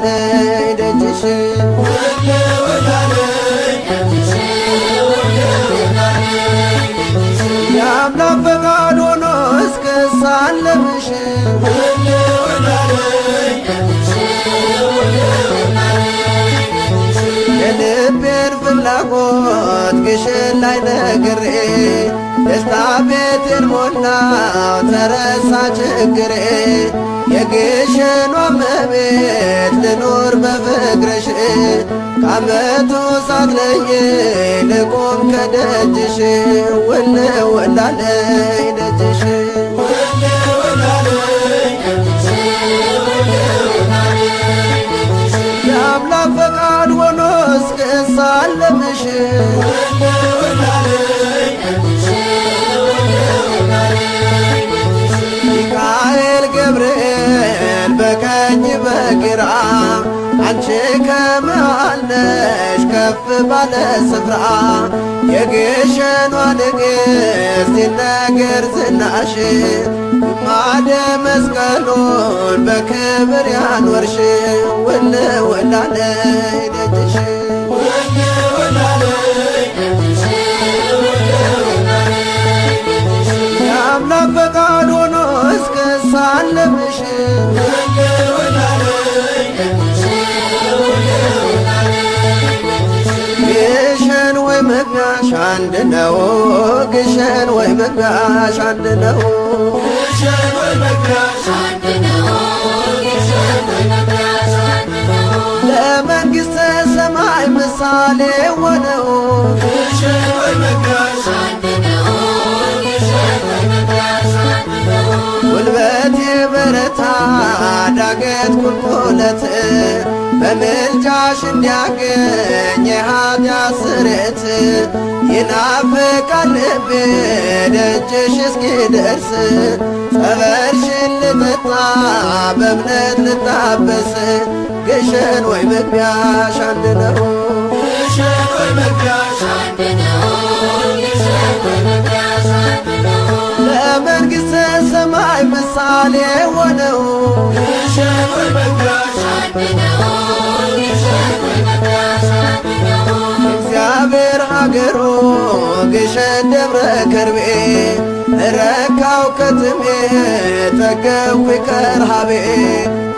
ወዳለይ ደጅሽ የአምላክ ፈቃድ ሆኖ እስክሳለምሽ የልቤን ፍላጎት ግሽን ላይ ነግሬ ደስታ ቤትን ሞላው ተረሳ ችግሬ የግሸኗ እመቤት ልኖር በፍቅርሽ ከአመቱ ሳትለይ ልቆም ከደጅሽ ውል እንዳለኝ ደጅሽ የአምላክ ፈቃድ ሆኖ እስክሳለምሽ ከመአልነሽ ከፍ ባለ ስፍራ የግሸኗ ንግሥት ይነገር ዝናሽ ማደ መስቀሉን በክብር ያኖርሽ ውል ውላለይ ደጅሽ የአምላክ ፈቃድ ሆኖ እስከ አንድ ነው። ግሸን ወይ መጋሽ አንድ ነው። ለመንግሥተ ሰማይ ምሳሌ ሆነው ጉልበት የበረታ ዳገት ቁልቁለት በምልጃሽ እንዲያገኝ የኃጢአት ስርየት ይናፍቃል ልቤ ደጅሽ እስኪደርስ ጸበልሽን ልጠጣ በእምነት ልታበስ ግሸን ወይ መግቢያሽ አንድ ነው ለመንግሥተ ሰማይ ምሳሌ ሆነው ተጠገው ከረሃቤ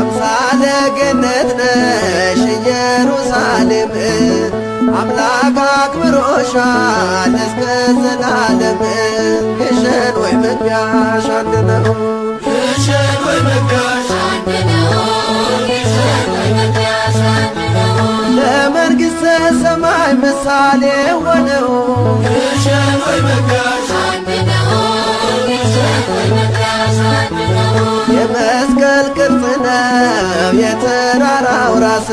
አምሳለ ገነት ነሽ ኢየሩሳሌም አምላክ አክብሮሻል እስከ ዘላለም። ግሸን ወይ መግቢያሽ አንድ ነው። ለመንግሥተ ሰማይ ምሳሌ ሆነው ግሸን ወይ መግቢያሽ መስቀል ቅርጽ ነው የተራራው ራስ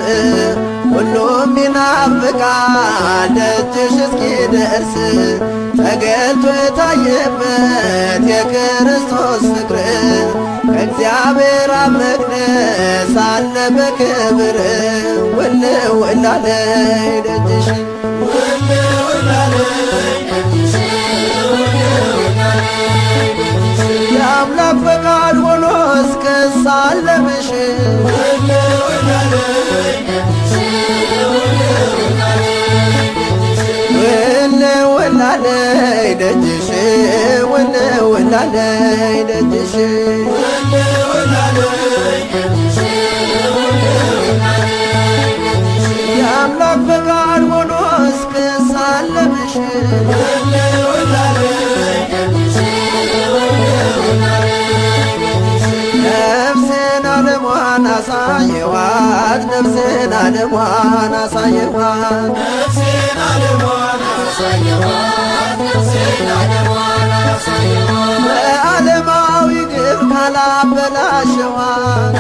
ሁሉም ይናፍቃል ደጅሽ እስኪደርስ ተገልጦ የታየበት የክርስቶስ ፍቅር ከእግዚአብሔር አብ መቅደስ አለ በክብር ውል ውል ደጅሽ ውላለይ ደጅሽ የአምላክ ፈቃድ ሆኖ እስክሳለምሽ አሳየዋት ነፍሴን አለሟን አሳየዋት ነፍሴን አለሟን አሳየዋት ነፍሴን አለሟን አበላሸዋል።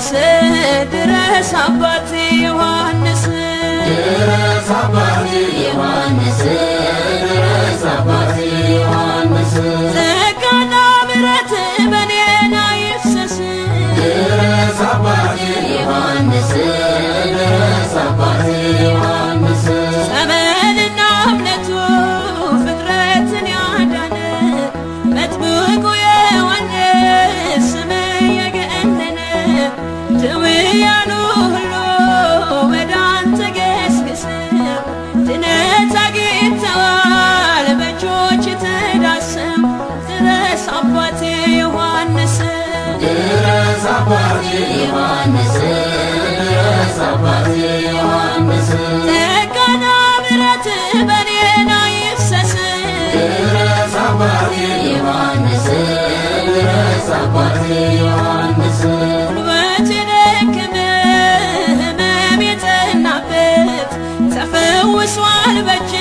ዮሐንስ ድረስ አባት ዮሐንስ ድረስ አባት ዮሐንስ ድረስ አባት ዮሐንስ ጸጋና ምሕረት በኔ ላይ ይፍሰስ ድረስ አባት ዮሐንስ ድረስ አባት ፈሷል በጅ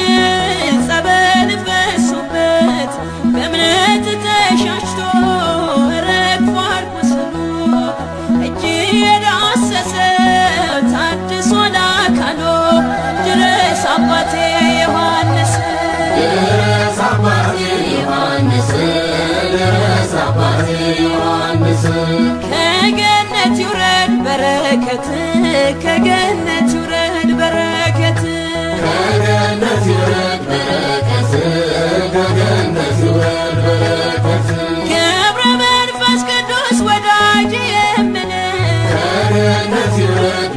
ጸበል ፈሱበት በእምነት ተሻሽቶ ረግፏል ቁስሉ እጅ የዳሰሰ ታድሶ ላካሎ ድረስ አባቴ ዮሐንስ ድረስ አባቴ ዮሐንስ ድረስ አባቴ ዮሐንስ ከገነት ይውረድ በረከት ከገነት ይውረድ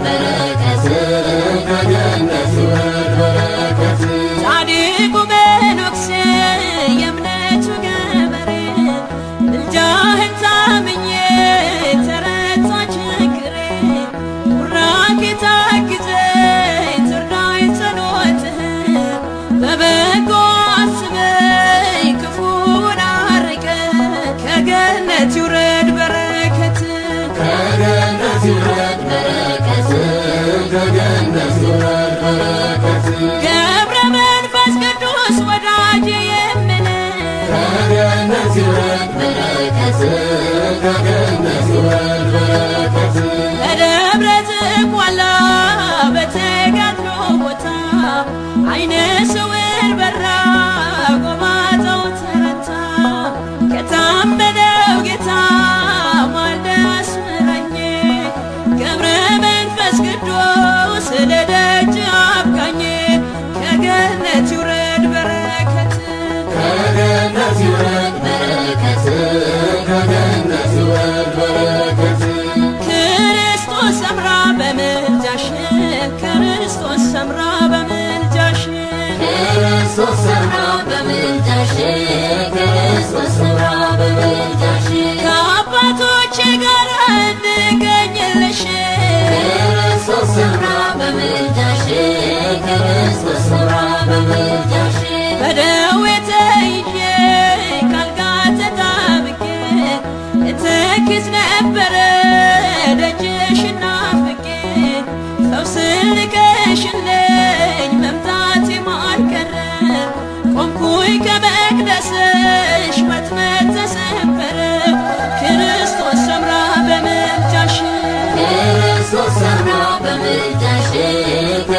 妹妹。ከገነት ወል በረከት ዝቋላ በተጋድሎ ቦታ አይነ ስውር በራ ጎማጣው ተረታ ከታመነው ጌታ ማልደ አስምረኝ ገብረ መንፈስ ቅዱስ ለደጅ አብቃኝ ከገነት ይውረድ በረከት ከገነት ይውረድ Yeah.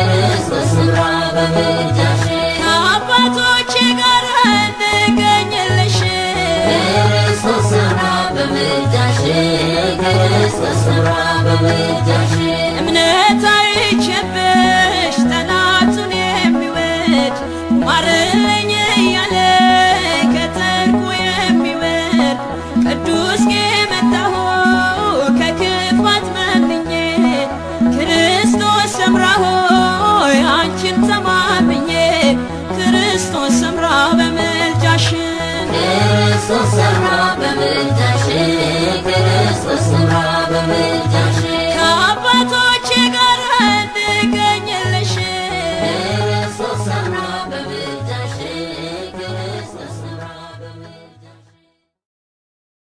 በክርስቶስ ስራ በምልጃሽ ጋር ስራ በምልጃሽ ¡Gracias!